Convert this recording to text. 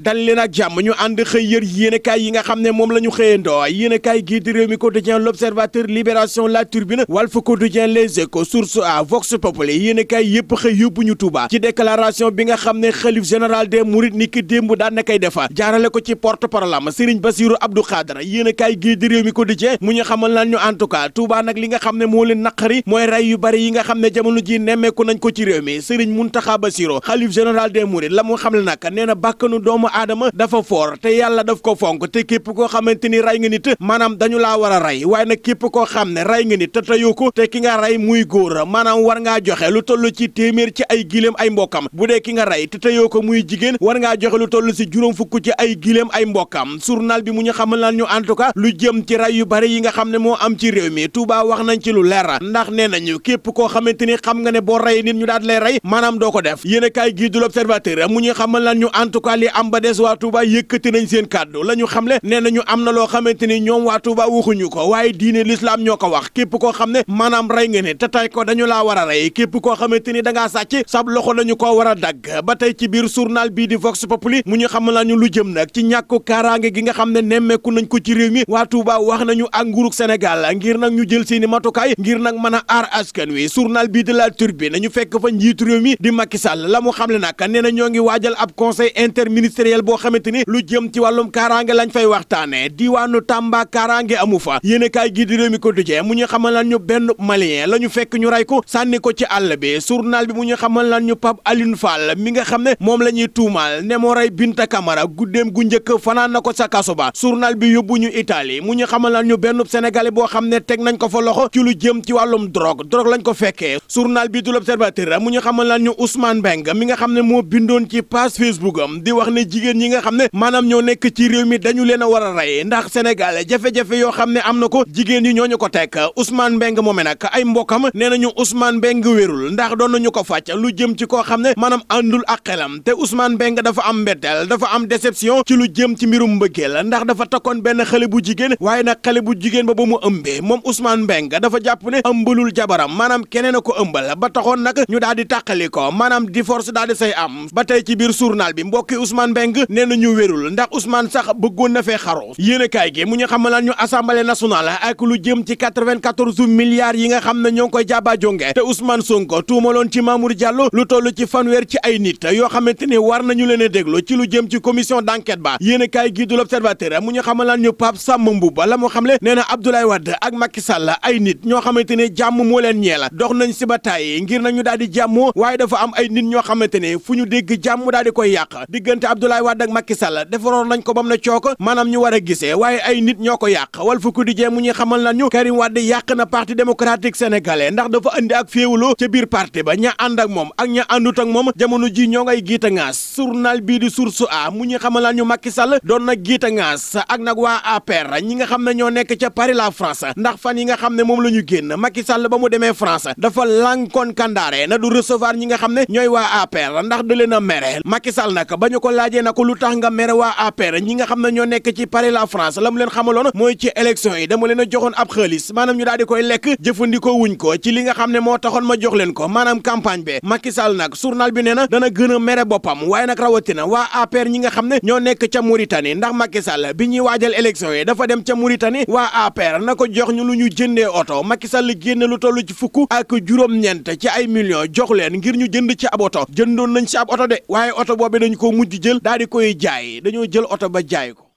dal leen ak jàmm ñu ànd xëy yër yéenekaay yi nga xam ne moom la ñu xëyandoo yéenekaay gii di réew mi quotidien l'observateur libération la turbine Walf quotidien les échos source a vox populi yéenekaay yépp xëy yóbbu ñu Touba ci déclaration bi nga xam ne xalif général de mourides ni démb daan na koy defa jaarale ko ci porte la am Serigne Bassirou Abdou Khadra yéenekaay gii di réew mi quotidien mu ñu xamal lan ñu en tout cas Touba nag li nga xam ne moo leen naqari mooy rey yu yi nga xam ne jamono ji nemmeeku nañ ko ci réew mi Serigne Mountakha Bassirou xalif général des mourides la mu xam le nag nee na bàkkanu doomu aadama dafa foor te yàlla daf ko fonk te képp koo xamante ni rey nga nit maanaam dañu laa war a rey waaye nag képp koo xam ne rey nga nit te teyu ko te ki nga rey muy góor maanaam war ngaa joxe lu toll ci téeméer ci ay giléem ay mbokkam bu dee ki nga rey te teyoo ko muy jigéen war ngaa joxe lu toll si juróom fukk ci ay giléem ay mbokkam journal bi mu ñu xamal lan ñu en tout cas lu jëm ci rey yu bari yi nga xam ne moo am ci réew mi Touba wax nañ ci lu leer ndax nee nañu képp koo xamante ni xam nga ne boo rey nit ñu daal lay rey maanaam ko def yéen a kaay gii du l'observateur mu cas li am Bambades waa Touba yëkkati nañ seen kàddu la ñu xamle nee nañu am na loo xamante ni ñoom waa Touba waxuñu ko waaye diine l'islam ñoo ko wax képp koo xam ne maanaam rey nga ne te tey ko dañu la war a rey képp koo xamante ni da sàcc sab loxo la ñu ko war a dagg ba tey ci biir surnal bii di Vox Populi mu ñu xam lañu lu jëm nag ci ñàkku kaaraange gi nga xam ne nemmeeku nañ ko ci réew mi waa Touba wax nañu ak nguurug Sénégal ngir nag ñu jël seeni matukaay ngir nag mën a aar askan wi journal bii de la Tribune ñu fekk fa njiitu réew mi di Macky Sall la mu xamle nag nee na ñoo ngi waajal ab conseil interministériel ministériel boo xamante ni lu jëm ci wàllum kaaraange lañ fay waxtaane diwaanu Tamba kaaraange amu fa yéen kaay gi di réew mi ko dujee mu ñu xamal lan ñu benn malien la ñu fekk ñu rey ko sànni ko ci àll bi journal bi mu ñu xamal lan ñu Pape Alioune Fall mi nga xam ne moom la ñuy tuumaal ne moo rey Binta Camara guddeem gu njëkk fanaan na ko sa kaso ba journal bi yóbbu ñu Italie mu ñu xamal lan ñu benn sénégalais boo xam ne teg nañ ko fa loxo ci lu jëm ci wàllum drogue drogue lañ ko fekkee journal bi du l'Observateur mu ñu xamal lan ñu Ousmane Beng mi nga xam ne moo bindoon ci page Facebook di wax ne jigéen ñi nga xam ne maanaam ñoo nekk ci réew mi dañu leen a war a rey ndax Sénégal jafe-jafe yoo xam ne am na ko jigéen ñi ñoo ñu ko teg Ousmane Mbeng moome nag ay mbokkam nee nañu Ousmane Mbeng wérul ndax doon nañu ko fàcc lu jëm ci koo xam ne maanaam àndul ak te Ousmane Mbeng dafa am mbetteel dafa am déception ci lu jëm ci mbirum mbëggeel ndax dafa takkoon benn xale bu jigéen waaye nag xale bu jigéen ba ba mu ëmbee moom Ousmane Mbeng dafa jàpp ne ëmbalul jabaram maanaam keneen a ko ëmbal ba taxoon nag ñu daal di tàqali ko maanaam divorce daal di say am ba tey ci biir journal bi mbokki Ousmane Mbengue nee na ñu wérul ndax Ousmane sax bëggoon na fee xaro yéen a kaay gi mu ñu xamalaan ñu assemblée nationale ak lu jëm ci 94 yi nga xam ne ñoo ngi koy jaaba jonge te Ousmane Sonko tuumaloon ci Mamour Diallo lu toll ci fanweer ci ay nit yoo xamante ni war nañu leen a déglu ci lu jëm ci xamalaan ñu Pape Samba Mboup la mu xamle nee na Abdoulaye Wade ak Macky Sall ay nit ñoo xamante jàmm moo leen ñeel dox nañ si ngir nañu daal di jàmmoo waaye dafa am ay nit ñoo xamante ni fu ñu dégg jàmm daal Abdoulaye Wade ak Macky Sall defaroon nañ ko bam na cook maanaam ñu war a gisee waaye ay nit ñoo ko yàq Walf Quotidien mu ñuy xamal nañu Karim Wade yàq na parti démocratique sénégalais ndax dafa indi ak féewuloo ca biir parti ba ña ànd ak moom ak ña àndut ak moom jamono ji ñoo ngay giit a ŋaas journal bii di Source A mu ñuy xamal nañu Macky Sall doon na giit a ŋaas ak nag waa APR ñi nga xam ne ñoo nekk ca Paris la France ndax fan yi nga xam ne moom la ñu génn Macky Sall ba mu demee France dafa lànkoon kandaare na du recevoir ñi nga xam ne ñooy waa APR ndax da leen a mere Macky Sall laajee na lu tax nga mere waa APR ñi nga xam ne ñoo nekk ci Paris la France la mu leen xamaloon mooy ci élection yi dama leen a joxoon ab xaalis maanaam ñu daal koy lekk jëfandikoo wuñ ko ci li nga xam ne moo taxoon ma jox leen ko maanaam campagne bi Macky Sall nag journal bi nee na dana gën a mere boppam waaye nag rawatina waa APR ñi nga xam ne ñoo nekk ca Mauritanie ndax Macky Sall bi ñuy waajal élection yi dafa dem ca Mauritanie waa APR na jox ñu lu ñu jëndee oto Macky Sall génne lu toll ci fukk ak juróom-ñeent ci ay millions jox leen ngir ñu jënd ci ab jëndoon nañ ci ab oto de waaye oto boobu dañ ko mujj jël daal di koy jaay dañoo jël oto ba jaay ko